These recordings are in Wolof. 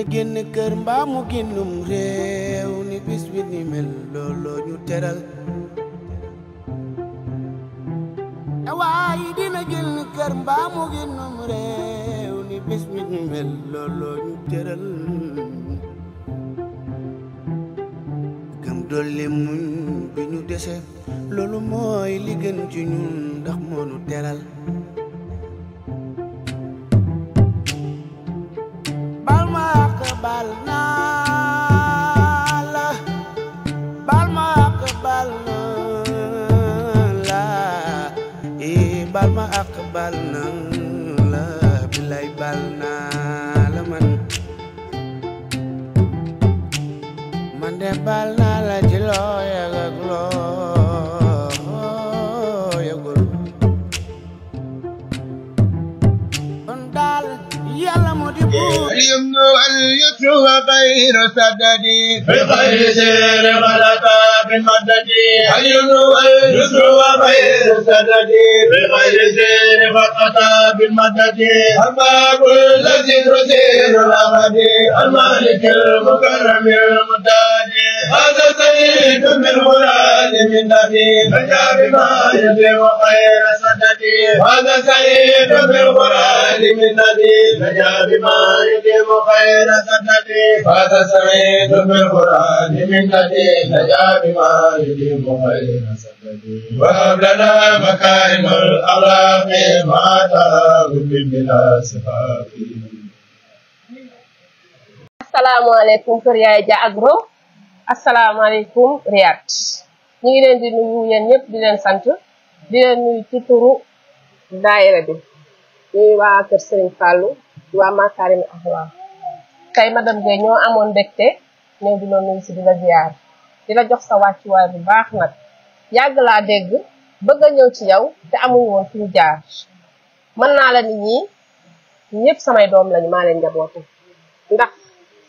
te génn kër mbaa mu génnum réew ni bis bi ni mel looloo e dina génn kër mbaa mu génnum réew ni bis bi ni mel looloo ñu teral gëm dolli muñ bi ñu dese loolu mooy li gën ci ñun ndax moo nu bal na la bilay bal na la man man de bal na la ci loo yëg ak loo yëgul kon daal yàlla mu di buur yumnu an yutruwa bayru sadadi bi xayri seere malaka بقدتي هل ينو الجسر وخير سدتي بغير زين فقطا بالمدد أما كل الذي تسير الأمدي المالك المكرم المتاجي هذا سيد من هنا مدتي فجا بما يبلغ خير سدتي هذا سعيد بالقران مدتي فجا بما يبلغ خير سدتي هذا سعيد بالقران مدتي فجا بما يبلغ خير سدتي وهب لنا مكارم الاخلاق ما تراه بلا صفات asalaamaaleykum kër Yaay Ja Agro asalaamaaleykum Riyad ñu ngi leen di nuyu yéen ñëpp di leen sant di leen nuyu ci turu daayira bi ñuy waa kër Serigne Fallou di waa Makarimal Akhlaq tey madame Gueye ñoo amoon mbégte ñëw di la nuyu si di la ziar di la jox sa wàccuwaay bu baax nag yàgg laa dégg bëgg a ñëw ci yow te amul woon fi ñu jaar mën naa la nit ñi ñëpp samay doom lañu maa leen njabootu ndax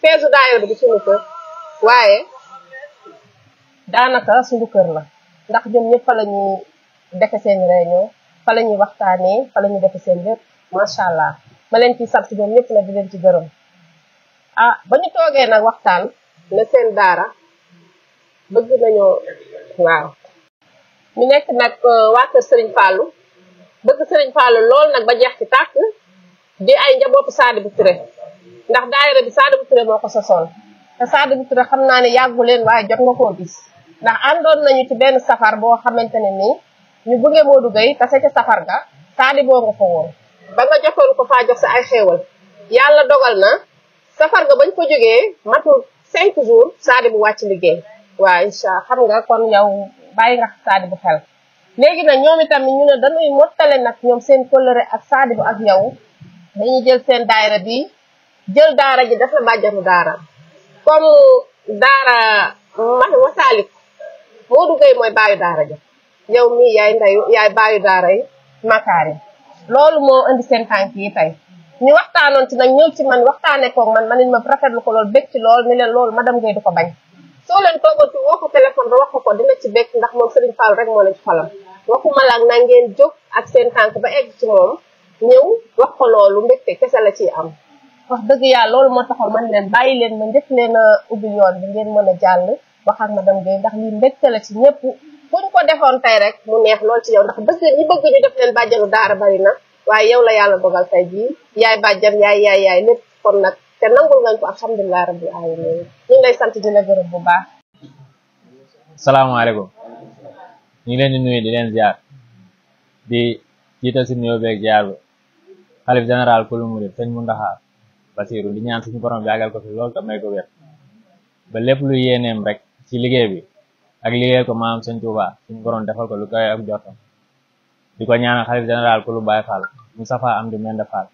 feesu daayira bi di suñu kër waaye daanaka suñu kër la ndax ñoom ñëpp fa la ñuy defe seen réunion fa la ñuy waxtaanee fa la ñuy defe seen lépp macha allah ma leen ciy sant ñoom ñëpp di leen ci gërëm ah ba ñu toogee nag waxtaan ne seen daara bëgg nañoo waaw. ñu nekk nag euh, waa kër Serigne Fallou bëgg Serigne Fallou lool nag ba jeex ci tàkk di ay njabootu Sadibou Touré ndax daayira bi Sadibou Touré moo ko sosoon te Sadibou Touré xam naa ne yàggu leen waaye jot nga koo gis. ndax àndoon nañu ci benn safar boo xamante ne nii ñu gunge Modou Gueye tase ca safar ga taali boo nga fa ba nga jotoon ko faa jox sa ay xéewal yàlla dogal na safar ga bañ ko jógee matul cinq jours saadi bu wàcc liggéey waaw incha xam nga kon yow bàyyi nga saadi bu xel léegi na ñoom itamit ñu ne dañuy mottale nag ñoom seen kóllëre ak saadi bu ak yow dañuy jël seen daayira bi jël daara ji dafa bàjjanu daara comme daara ma wasaalik boo duggee mooy baayu daara ja yow mii yaay ndeyu yaay baayu daara yi makaari loolu moo indi seen tànk yi tey ñu waxtaanoon ci nag ñëw ci man waxtaane koog man ma rafet rafetlu ko loolu bég ci lool ni leen loolu ma dem Guèye di ko bañ soo leen toogoon ci woo ko téléphone ba wax ko ko dina ci bég ndax moom Serigne Fall rek moo la ci xolam waxuma la na ngeen jóg ak seen tànk ba egg ci moom ñëw wax ko loolu mbégte kese la ciy am wax dëgg yàlla loolu moo leen bàyyi leen ma njëkk leen a ubbi yoon ngeen mën a jàll wax ak madame Gueye ndax lii mbégte la ci ñëpp buñ ko defoon tey rek mu neex lool ci yow ndax bëgg ñi bëgg ñu def leen bàjjanu daara bari waaye yow la yàlla dogal tey bii yaay bàjjan yaay yaay yaay lépp kon nag te nangul ngañ ko alhamdulilah rabbil ñu ngi sant di la gërëm bu baax salaamaaleykum ñu ngi leen di nuyu di leen ziar di jiital si nuyoo beeg ziar bi xalif général kulu murid sëñ Muntaxa Basiru di ñaan suñu borom yàggal ko fi loolu te may ko wér ba lépp lu yéeneem rek ci liggéey bi ak liggéey ko maam sëñ Tuuba suñ borom defal ko lu koy ak jotam di ko ñaanal xalif général ku lu Baay Faal Moustapha Amdi Mende Faal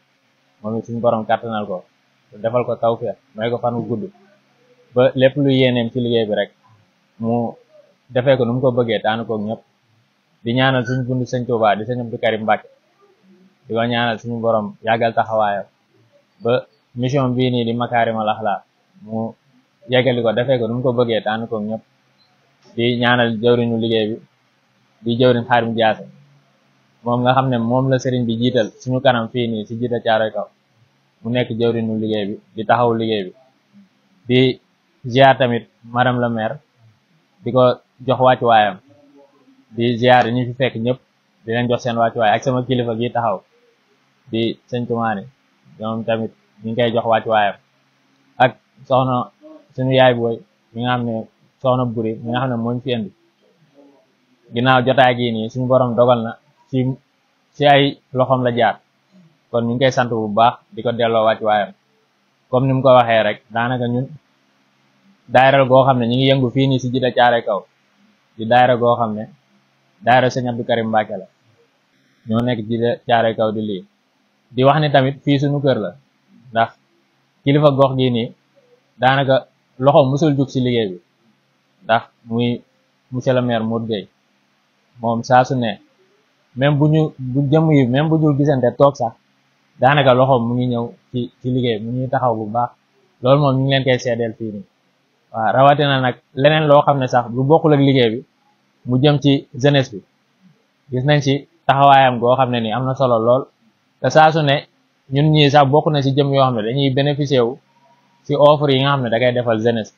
moom it suñ borom kàttanal ko defal ko tawfeex may ko fan gudd ba lépp lu yéeneem ci liggéey bi rek mu defee ko nu ko bëggee taanu koog ñëpp di ñaanal suñ bund sëñ di sëñ Abdou Karim Mbàkke di ko ñaanal suñu borom yàggal taxawaayam ba mission bi nii di makaarimal axlaa mu yeggali ko defee ko nu mu ko bëggee tànn koog ñëpp di ñaanal jawriñu liggéey bi di jawriñ Xaarim Jaase moom nga xam ne moom la sëriñ bi jiital suñu kanam fii nii si jiital caaroy kaw mu nekk jawriñu liggéey bi di taxaw liggéey bi di ziar tamit di ko jox wàccuwaayam di ziar ñu fi fekk ñëpp di leen jox seen wàccuwaay ak sama kilifa gi taxaw di sëñ Tumaani ñoom tamit ñu ngi koy jox wàccuwaayam ak soxna suñu yaay booy bi nga xam ne soxna buri mi nga xam ne mooñ fi indi ginnaaw jotaay gii nii suñu borom dogal na ci ay loxoom la jaar kon ñu ngi koy sant bu baax di ko delloo wàcc waayam comme ni mu ko waxee rek daanaka ñun daayral goo xam ne ñu ngi yëngu fii nii si jida caare kaw di daayra goo xam ne daayra sëñ Abdou Karim Mbacke la ñoo nekk jida caare kaw di lii di wax ni tamit fii suñu kër la ndax kilifa gox gii nii daanaka loxo musul jug ci liggéey bi ndax muy monsieur le maire Modou moom saasu ne même bu ñu bu jëm yi même bu ñu gisante toog sax daanaka loxo mu ngi ñëw ci liggéey mu taxaw bu baax loolu moom ñu ngi leen koy seedeel fii nii rawatina nag leneen loo xam ne sax lu bokkul ak liggéey bi mu jëm ci jeunesse bi gis nañ ci taxawaayam goo xam ne nii am na solo lool te saa ne ñun ñii sax bokk na ci jëm yoo xam ne dañuy bénéficier wu si offre yi nga xam ne da defal jeunesse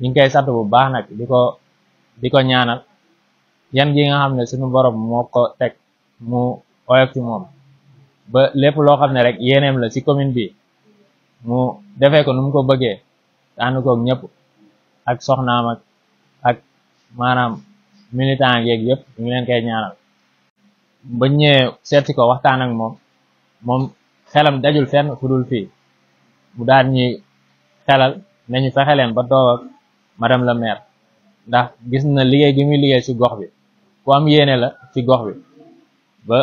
ñu ngi koy sant bu baax nag di ko di ko ñaanal yan gi nga xam ne suñu borom moo ko teg mu oyof ci moom ba lépp loo xam ne rek yéeneem la si commune bi mu defee ko nu mu ko bëggee ànd koog ñëpp ak soxnaam ak maanaam militant yeeg yëpp ñu nga leen koy ñaanal ba ñëwee seeti ko waxtaan ak moom moom xelam dajul fenn fu fii mu daal ñuy xelal nañu fexe leen ba toog ak madame la maire ndax gis na liggéey gi muy liggéey ci gox bi ku am yéene la ci gox bi ba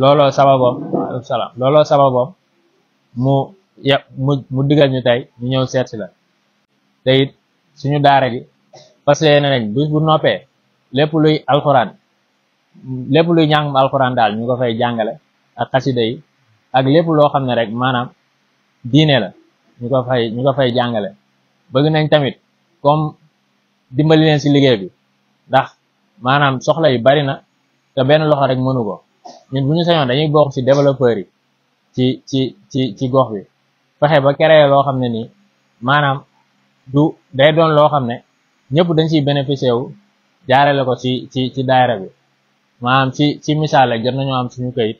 looloo sababam waaleykum salaam looloo sababam mu ya mu digal ñu tey ñu ñëw seet la te it suñu daara gi fas yéene nañ bu noppee lépp luy alxuraan lépp luy njàngum alxuraan daal ñu ko fay jàngale ak xasida yi ak lépp loo xam ne rek maanaam diine la ñu ko fay ñu ko fay jàngale bëgg nañ tamit comme dimbali leen si liggéey bi ndax maanaam soxla yi bari na te benn loxo rek mënu ko ñun bu ñu sañoon dañuy bokk si développeurs yi ci ci ci ci gox bi fexe ba créer loo xam ne nii maanaam du day doon loo xam ne ñëpp dañ siy bénéficier wu jaarale ko ci ci ci daayira bi maanaam ci ci misaal la jot nañoo am suñu kayit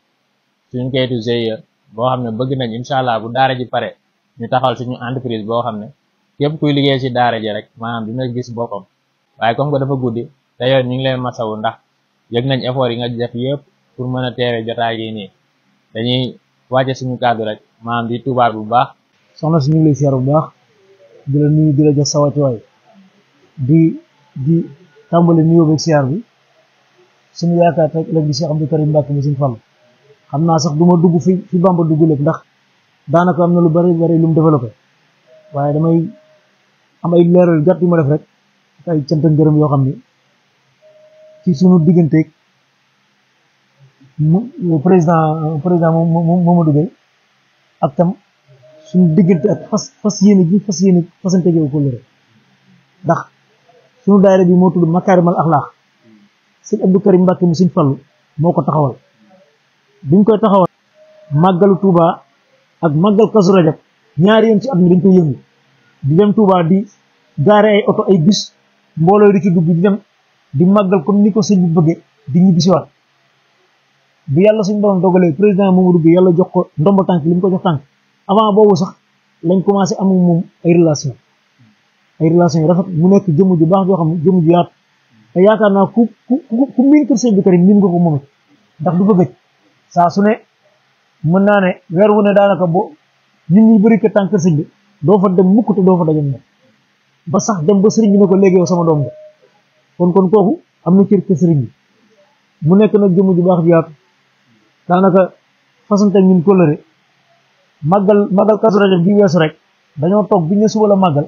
suñu kayitu GIE boo xam ne bëgg nañ incha allah bu daara ji pare ñu taxal suñu entreprise boo xam ne képp kuy liggéey ci daara ji rek maanaam dina gis boppam waaye comme que dafa guddi te yoon ñu ngi leen masawu ndax yëg nañ effort yi nga def yëpp pour mën a teewe jotaay yi nii dañuy wàcce suñu kàddu rek maanaam di tubaab bu baax. soxna si ñu ngi seer bu baax di la nuyu di la jox sa wàccuwaay di di tàmbali nuyoo beeg seer bi suñu yaakaar tey ëllëg bi Cheikh Abdou mu suñu Fall xam naa sax du ma dugg fi fi Bamba dugg lépp ndax. daanaka am na lu bari bari lu mu développé waaye damay am ay leeral gàtt yu ma def rek ak ay cant ak yoo xam ni ci sunu digganteeg mu président moom moom Mamadou Gueye ak tam suñu diggante ak fas fas yéene ji fas yéene fasante gi ko ndax sunu daayira bi moo tudd Makaarimal Axlaaq sëñ Abdou Karim Mbàkke mu sëñ Fallu moo ko taxawal biñ koy taxawal màggalu Tuubaa ak màggal Kazu Rajab ñaari yoon ci at mi dañ koy yëngu di dem Touba di gaare ay oto ay bus mbooloo di ci dugg di dem di màggal comme ni ko sëñ bi bëggee di ñibbisiwaat bu yàlla suñu borom dogalee président Mamadou Gueye yàlla jox ko ndombo tànk li mu ko jox tànk avant boobu sax lañ commencé am moom ay relation ay relation yi rafet mu nekk jëmm ju baax joo xam ne jëmm ju yaatu te yaakaar naa ku ku ku miin kër sëñ bi Karim miin nga ko moom ndax du fa mën naa ne weer wu ne daanaka bo nit ñi bëri ko tànk sëñ bi doo fa dem mukk te doo fa daje ba sax dem ba sëriñ bi ne ko léegi yow sama doom nga kon am na cër ca sëriñ nekk nag jëmm ju baax ju yaatu daanaka fasante ñun kóllëre màggal màggal Kazu bi weesu dañoo toog bi ñu suba la màggal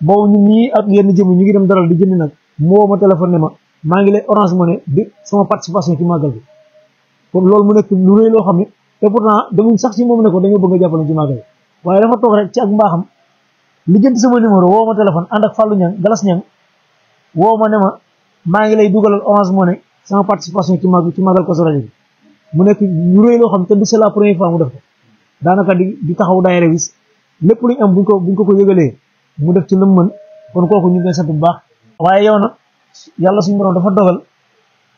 boobu ñun ñii ak yenn jëmm ñu ngi dem daral di jënd nag mu woo ma téléphone ne ma maa ngi lay orange ne di sama participation ci màggal bi loolu mu nekk lu rëy loo xam te pourtant demuñ sax ci moom ne ko dañoo bëgg a jàppale ci màggal waaye dafa toog rek ci ak mbaaxam li jënd sama numéro woo ma téléphone ànd ak Fallou Niang Galas Niang woo ma ne ma maa ngi lay dugalal Orange Money sama participation ci mag ci màggal a Rajab bi mu nekk ñu rëy loo xam te du c'est la première fois mu def da daanaka di taxaw daayira bi lépp lu ñu am buñ ko buñ ko ko yëgalee mu def ci lu mu mën ko kooku ñu ngi sant bu baax waaye yow nag yàlla suñu borom dafa dogal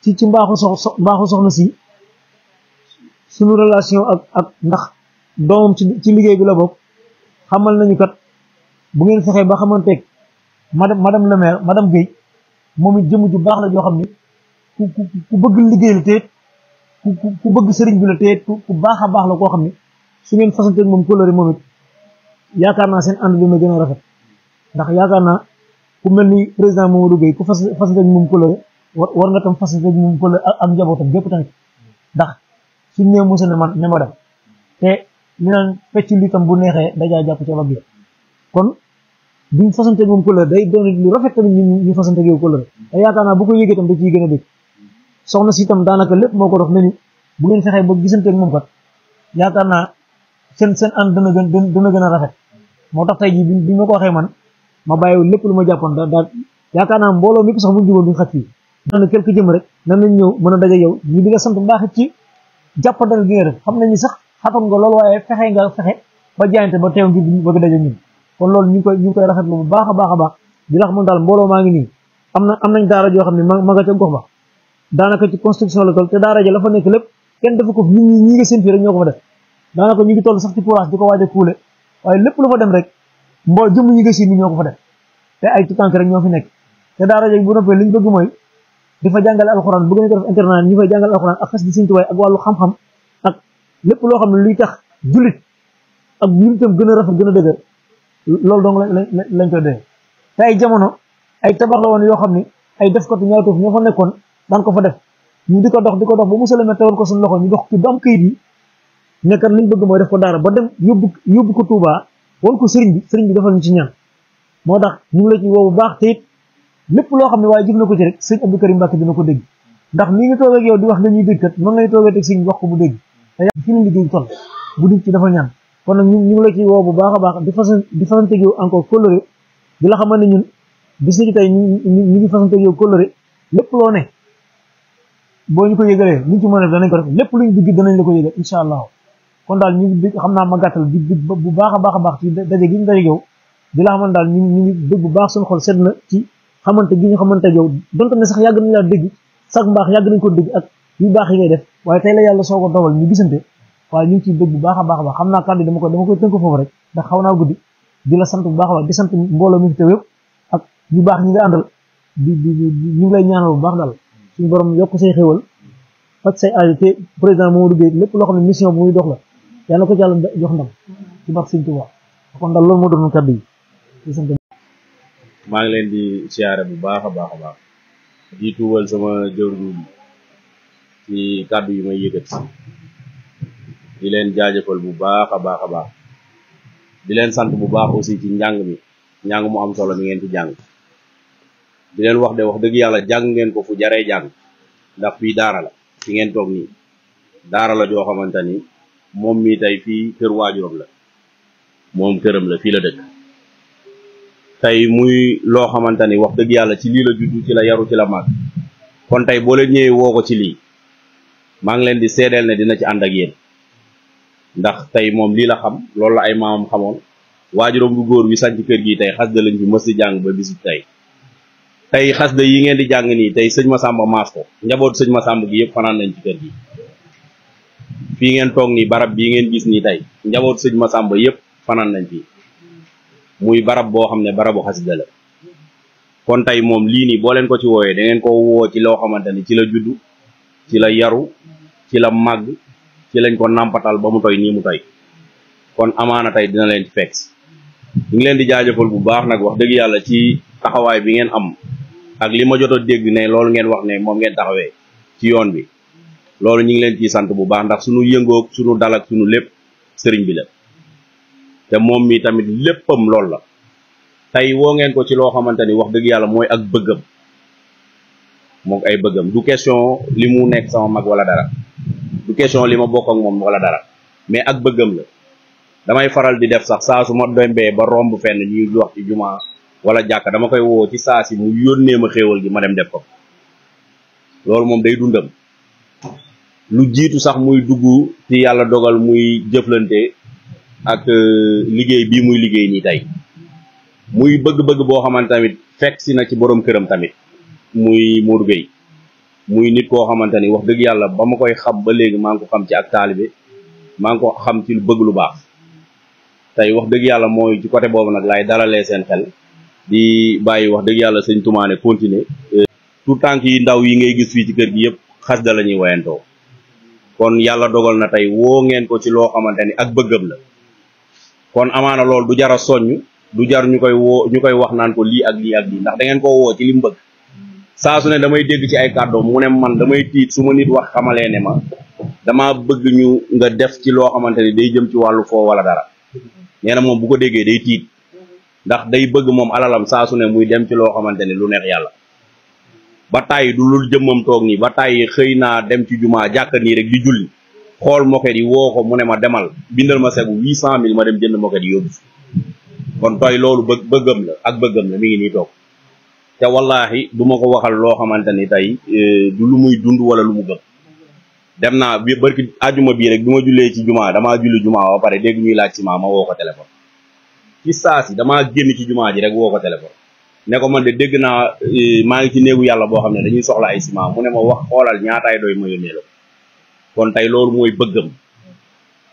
ci ci mbaaxu sox mbaaxu soxna si suñu relation ak ak ndax doomam ci ci liggéey bi la bokk xamal nañu kat bu ngeen fexee ba xamanteeg madame madame le maire madame Guèye moom it jëmm ju baax la joo xam ne ku ku bëgg liggéey la teet ku bëgg sëriñ bi la teet ku baax a baax la koo xam ne su ngeen fasanteeg moom kóllëre moom it yaakaar naa seen ànd dina gën a rafet ndax yaakaar naa ku mel ni président Mamadou Guèye ku fas fasanteeg moom kóllëre war war nga tam fasanteeg moom kóllëre ak njabootam gépp tamit ndax fi mu ne Moussa ne ma ne ma dem te li naan fecc li tam bu neexee dajaa jàpp ca wàll kon duñ fasante moom couleur day doon lu rafet tamit ñu ñu fasante yow couleur ko tam da ciy gën a dégg si tam daanaka lépp moo ko dox bu ngeen fexee ba gisante ak moom kat yaakaar naa seen seen ànd dana gën dana gën a rafet moo tax tey jii bi ma ko waxee man ma bàyyi lépp lu ma jàppoon da daal yaakaar naa mbooloo mi ko sax bu ñu jugoon duñ xat fii. daanaka quelque jëm rek nan nañ ñëw mën a daje yow ñu di la sant baax ci. jàppandal gi nga def xam nañu sax xatoon nga loolu waaye fexe nga fexe ba jaayante ba teew ngir bëgg daje ñun kon loolu ñu koy ñu ngi koy rafetlu bu baax a baax a baax di wax moom daal mbooloo maa ngi nii am na am nañ daara joo xam ne ma ma nga ca gox ba daanaka ci construction la toll te daara ja la fa nekk lépp kenn dafa ko fi ñi ñi nga seen fii rek ñoo ko fa def daanaka ñu ngi toll sax ci courage di ko waaj a kuule waaye lépp lu fa dem rek mboo jëmm ñi nga siin ni ñoo rek ñoo fi nekk te di fa jàngale alxuraan bëgg nañ ko def internat ñu fay jàngale alxuraan ak fas di Sëriñ Tuubaa ak wàllu xam-xam ak lépp loo xam ne luy tax jullit ak jullitam gën a rafet gën a dëgër loolu dong lañ lañ lañ koy doyee te ay jamono ay tabax la woon yoo xam ne ay def ko te ñaawteef ñoo fa nekkoon daan ko fa def ñu ko dox di ko dox ba musala ma ko suñu loxo ñu dox ci ba am kayit yi nekkat liñ bëgg mooy def ko daara ba dem yóbbu yóbbu ko Touba won ko sëriñ bi sëriñ bi defal ñu ci ñaan moo tax ñu la ci bu baax lépp loo xam ne waaye jëf na ko ci rek sëñ Abdou Karim Mbacke dina ko dégg ndax nii nga toog yow di wax nga ñuy dégg kat mën bu nit ci dafa ñaan kon nag ñu ngi la ci woo bu baax a baax di façon di façon teg yow encore coloré di la ne ñun bis ni tey ñu ñu ngi façon teg yow coloré lépp loo ne boo ñu ko yëgalee a ko def lépp luñ dugg danañ la ko yëgal incha allah kon daal ñu ngi xam naa ma gàttal di bu baax a baax a baax ci daje gi ñu daje yow di la xamal daal ñu ngi dégg bu baax suñu xol sedd na ci xamante gi ñu xamante yow donte ne sax yàgg nañ laa dégg sax mbaax yàgg nañ ko dégg ak yu baax yi ngay def waaye tey la yàlla soo ko dogal ñu gisante waaye ñu ngi ciy dégg bu baax a baax a baax xam naa kàddu dama ko dama koy tënk foofu rek ndax xaw naa guddi di bu baax a baax di sant mbooloo mi fi teew yëpp ak yu baax ñi nga àndal di di ñu ngi lay ñaanal bu baax daal suñu borom yokk say xéwal faj say aajo te président Mamadou Gueye lépp loo xam ne mission bu muy dox la yàlla ko ci yàlla jox ndam ci barke Sëñ Tuubaa kon daal loolu moo doon kàddu yi maa ngi leen di siyaare bu baax a baax a baax di tuubal sama jëwriñ ci kàddu yi may yëkkat di leen jaajëfal bu baax a baax a baax di leen sant bu baax aussi ci njàng mi njàng mu am solo mi ngeen ci jàng di leen wax de wax dëgg yàlla jàng ngeen ko fu jaree jàng ndax fii daara la fi ngeen toog nii daara la joo xamante ni moom mii tey fii kër waajuram la moom këram la fii la dëkk tey muy loo xamante ni wax dëgg yàlla ci lii la juddu ci la yaru ci la màgg kon tey boo leen ñëwee woo ko ci lii maa ngi leen di seedeel ne dina ci ànd ak yéen ndax tey moom lii la xam loolu la ay maamam xamoon waajuram bu góor wi sànc kër gi tey xasida lañ fi mës di jàng ba bisu tey tey xasida yi ngeen di jàng nii tey sëñ Masamba maas ko njaboot sëñ Masamba gi yëpp fanaan nañ ci kër gi fii ngeen toog nii barab bii ngeen gis nii tey njaboot sëñ Masamba yëpp fanaan nañ fii muy barab boo xam ne barabu xasida la kon tey moom lii nii boo leen ko ci wooyee da ko woo ci loo xamante ni ci la juddu ci la yaru ci la màgg ci lañ ko nàmpatal ba mu toy nii mu toy kon amaana tey dina leen ci fekk ñu ngi leen di jaajëfal bu baax nag wax dëgg yàlla ci taxawaay bi ngeen am ak li ma jot a dégg ne loolu ngeen wax ne moom ngeen taxawee ci yoon bi loolu ñu ngi leen ciy sant bu baax ndax suñu yëngoog suñu dalak suñu lépp sëriñ bi la te moom mii tamit léppam loolu la tey woo ngeen ko ci loo xamante ni wax dëgg yàlla mooy ak bëggam moom ay bëggam du question li mu nekk sama mag wala dara du question li ma bokk moom wala dara mais ak bëggam la damay faral di def sax saa su ma dombee ba romb fenn ñuy wax ci jumaa wala jàkk dama koy woo ci saa si mu yónnee ma xéewal gi ma dem def ko loolu moom day dundam lu jiitu sax muy dugg ci yàlla dogal muy jëflante ak euh, liggéey bii muy liggéey nii tey muy bëgg-bëgg boo xamante tamit fekk si na ci borom këram tamit muy Modou Gueye muy nit koo xamante ni wax dëgg yàlla ba ma koy xam ba léegi maa ngi ko xam ci ak taalibe maa ngi ko xam ci lu bëgg lu baax tey wax dëgg yàlla mooy ci côté boobu nag laay dalalee seen xel di bàyyi wax dëgg yàlla sëñ Tumaane continuer euh, tout tànk yi ndaw yi ngay gis fii ci kër gi yëpp xas da ñuy wayantoo kon yàlla dogal na tey woo ngeen ko ci loo xamante ni ak bëggam la kon amaana loolu du jar a soññ du jar ñu koy woo ñu koy wax naan ko lii ak lii ak lii ndax da ngeen koo woo ci li mu bëgg saa su ne damay dégg ci ay kàddoom mu ne man damay tiit su ma nit wax xamalee ne ma dama bëgg ñu nga def ci loo xamante ne day jëm ci wàllu foo wala dara nee moom bu ko déggee day tiit ndax day bëgg moom alalam saa su ne muy dem ci loo xamante ne lu neex yàlla ba tàyyi du lul jëmmam toog nii ba tàyyi xëy naa dem ci jumaa jàkka nii rek di julli xool moket yi woo ko mu ne ma demal bindal ma segu huit cent mille ma dem jënd moket yóbbu kon tooy loolu bë bëggam la ak bëggam la mi ngi nii toog te wallahi du ma ko waxal loo xamante ni tey e, lu muy dund wala lu mu gëm dem naa bi barki àjjuma bii rek bi ma jullee ci jumaa damaa julli jumaa ba pare dégg ñuy laaj ci maa ma woo ko téléphone ci saa si damaa génn ci jumaa ji rek woo ko téléphone ne ko man de dégg naa e, maa ngi ci néegu yàlla boo xam ne dañuy soxla ay ciment mu ne ma wax xoolal ñaataay doy kon tey loolu mooy bëggam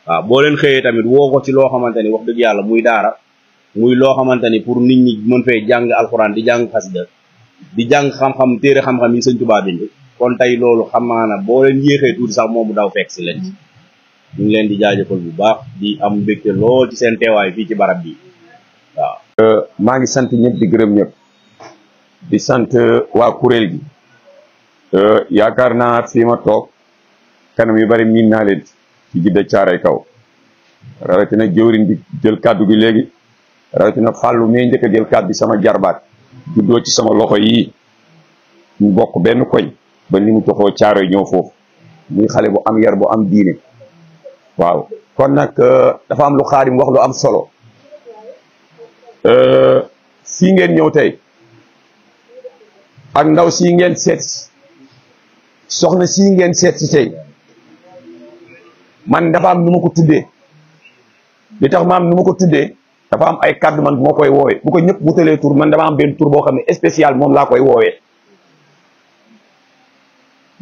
waaw boo leen xëyee tamit woo ko ci loo xamante ni wax dëgg yàlla muy daara muy loo xamante ni pour nit ñi mën fee jàng alxuraan di jàng xasida di jàng xam-xam téere xam-xam yi sëñ Tuubaa bind kon tey loolu xamaana boo leen yéexee tuuti sax moomu daw fekk si leen ci leen di jaajëfal bu baax di am mbégte lool ci seen teewaay fii ci barab bi waaw. Euh, maa ngi sant ñëpp di gërëm di sant euh, waa kuréel gi euh, yaakaar naa fi ma toog kanam yu bari miin naa leen ci jidda caaray kaw rawatina jëwriñ bi jël kàddu gi léegi rawatina fàllu mee njëkk a jël kàddu bi sama jarbaat juddoo ci sama loxo yi ñu bokk benn koñ ba ni mu toxoo caaroy ñëw foofu muy xale bu am yar boo am diine waaw kon nag euh, dafa am lu xaarim wax lu am solo sii euh, ngeen ñëw tey ak ndaw sii ngeen seet soxna sii ngeen seet si tey man dafa am nu ma ko tuddee li tax maam am ma ko tuddee dafa am ay kàddu man bu ma koy woowee bu ko ñëpp wutalee tur man dama am benn tur boo xam ne spécial moom laa koy woowee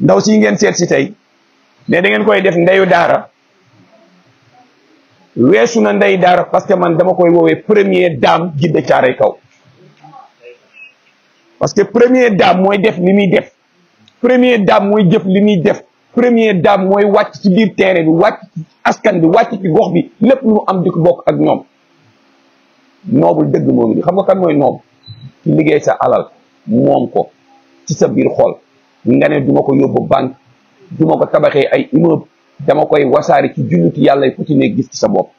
ndaw si ngeen seet si tey ne da ngeen koy def ndayu daara weesu na ndey daara parce que man dama koy woowee premier première dame Djidda Thiaroye Kaw parce que première dame mooy def li muy def premier dame mooy jëf li muy def première dame mooy wàcc ci biir terrain bi wàcc ci askan bi wàcc ci gox bi lépp lu mu am di bokk ak ñoom noobul dëgg moo ngi xam nga kan mooy noob ci liggéey sa alal moom ko ci sa biir xol nga ne du ko yóbbu banque du ma ko tabaxee ay immeuble dama koy wasaari ci julliti yàlla yi ku ne gis ci sa bopp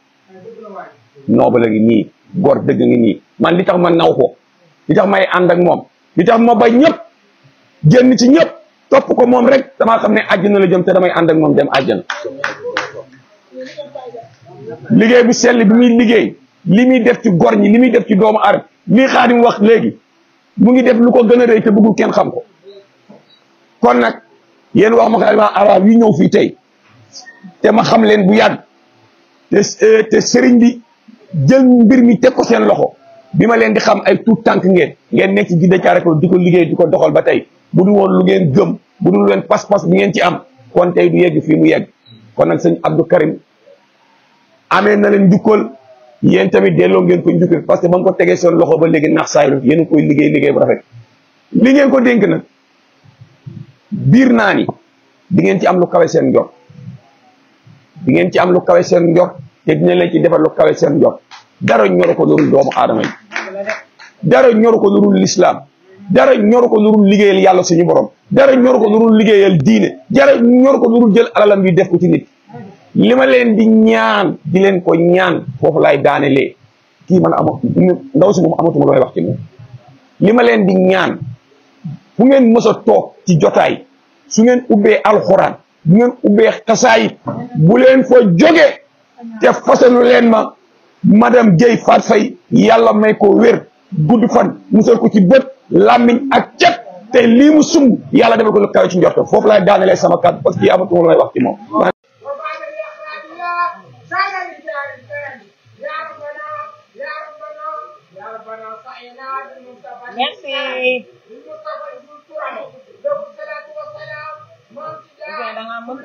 nooba la ngi nii góor dëgg ngi nii man li tax ma naw ko li tax may ànd ak moom li tax ma ba ñëpp génn ci ñëpp topp ko moom rek damaa xam ne àjjana la jëm te damay ànd ak moom dem àjjana liggéey bu sell bi muy liggéey li muy def ci gor ñi li muy def ci doomu aadama lii xaadim wax léegi mu ngi def lu ko gën a rëy te bëggul kenn xam ko kon nag yéen wax ma ko aliment arab yi ñëw fii tey te ma xam leen bu yàgg euh, te sëriñ bi jël mbir mi teg ko seen loxo bi ma leen di xam ay tuut tànk ngeen ngeen nekk ci Djidah Thiaroye Kao di ko liggéey di ko doxal ba tey bu du woon lu ngeen gëm bu dul leen pas-pas bi ngeen ci am kon tey du yegg fii mu yegg kon nag sëñ Abdou Karim amee na leen njukkal yéen tamit delloo ngeen ko njukkal parce que ba ko tegee seen loxo ba léegi nax saaylu yéen a koy liggéey liggéey bu rafet li ngeen ko dénk nag biir naa ni di ngeen ci am lu kawe seen njort di ngeen ci am lu kawe seen njort te dina leen ci defal lu kawe seen njort dara ñoru ko lu dul doomu aadama yi dara ñoru ko lu dul lislaam dara ñor ko lu dul liggéeyal yàlla suñu borom dara ñor ko lu dul liggéeyal diine dara ñor ko lu dul jël alalam bi def ko ci nit li ma leen di ñaan di leen ko ñaan foofu laay daanelee kii man ama ndaw si moom amatuma looy wax ci moom li ma leen di ñaan fu ngeen mës a toog ci jotaay su ngeen ubbee alxuraan bu ngeen ubbee xasaayit bu leen fa jóge te fasalu leen ma madame Guèye Fatou Faye yàlla may ko wér gudd fan musal ko ci bët làmmiñ ak cet te lii mu sumb yàlla defal ko lu kawe ci njorto foofu laay daanelee sama kàddu parce que amatuma lu may wax ci moom. merci. da ngaa mën.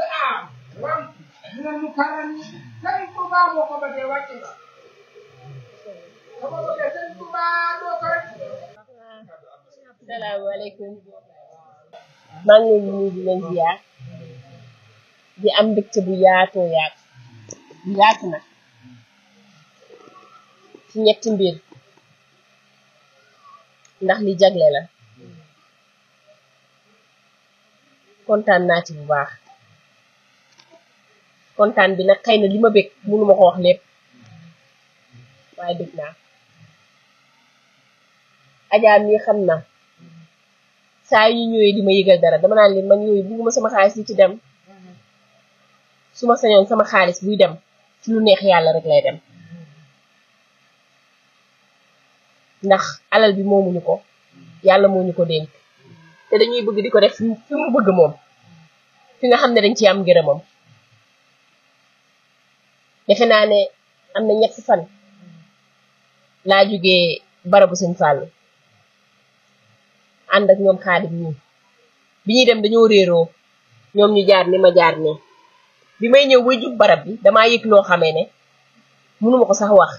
salaamaaleykum maa ngi leen di nuyu di leen ziar di am mbégte bu yaatoo yaatu yaatu nag ci ñetti mbiir ndax li jagle la kontaan naa ci bu baax kontaan bi nag xëy na li ma bëgg mënu ma ko wax waaye bëgg naa Adja mi xam na saa yu ñëwee di ma yëgal dara dama naan leen man yooyu bugguma sama xaalis di ci dem mm-hmm. su ma sañoon sama xaalis buy dem ci lu neex yàlla rek lay dem mm-hmm. ndax alal bi moomuñu ko yàlla moo ñu ko dénk te dañuy bëgg di ko def fi mu bëgg moom fi nga xam ne dañ ci am ngërëmam defe naa ne am na ñetti fan mm-hmm. laa jógee barabu seen fàllu ànd ak ñoom xaadim ñi bi ñuy dem dañoo réeroo ñoom ñu jaar ni ma jaar ne bi may ñëw bay jub barab bi damaa yëg loo xamee ne mënuma ko sax wax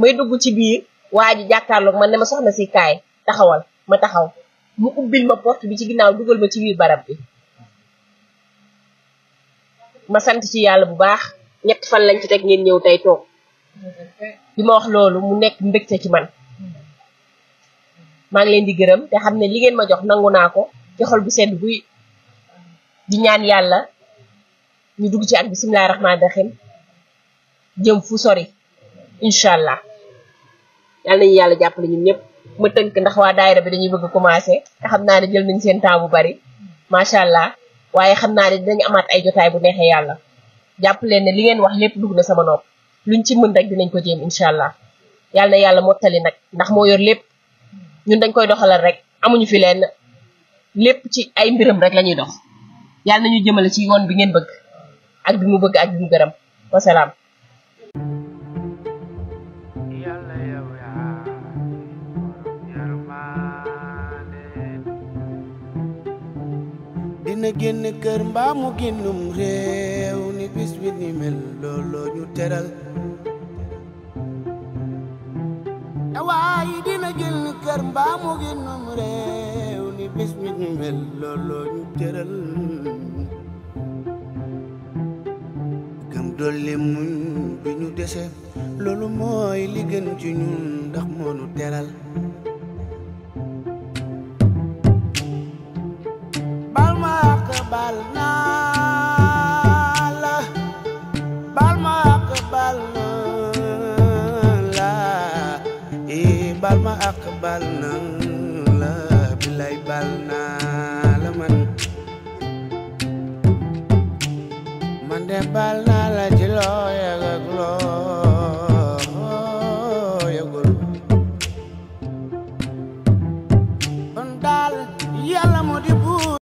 may dugg ci biir waa ji jàkkaarloog man ne ma soxna si kaay taxawal ma taxaw mu ubbil ma porte bi ci ginnaaw dugal ma ci biir barab bi ma sant ci yàlla bu baax ñett fan lañ ci teg ngeen ñëw tey toog bi ma wax loolu mu nekk mbégte ci man maa ngi leen di gërëm te xam ne li ngeen ma jox nangu naa ko ci xol bu sedd buy di ñaan yàlla ñu dugg ci ak bisimilah rahmaani rahim jëm fu sori incha allah yal nañu yàlla jàppale ñun ñëpp ma tënk ndax waa bi dañuy bëgg commencé te xam naa ne jël nañ seen temps bu bari macha allah waaye xam naa ne dinañu amaat ay jotaay bu neexee yàlla jàpp leen ne li ngeen wax lépp dugg na sama nopp luñ ci mën rek dinañ ko jéem incha allah yal na yàlla mottali nag ndax moo yor lépp. ñun dañ koy doxalal rek amuñu fi leen lépp ci ay mbiram rek lañuy ñuy dox yàlla nañu jëmale ci yoon bi ngeen bëgg ak bi mu bëgg ak bi mu gërëm wasalaam dina génn kër mbaa mu réew ni bis bi ni mel looloo ñu teral te waaye dina génn kër mbaa mu génnum réew ni bis mi ñu mel looloo ñu tëral gëm dolli muñ bi ñu dese loolu mooy li gën ci ñun ndax moo nu teral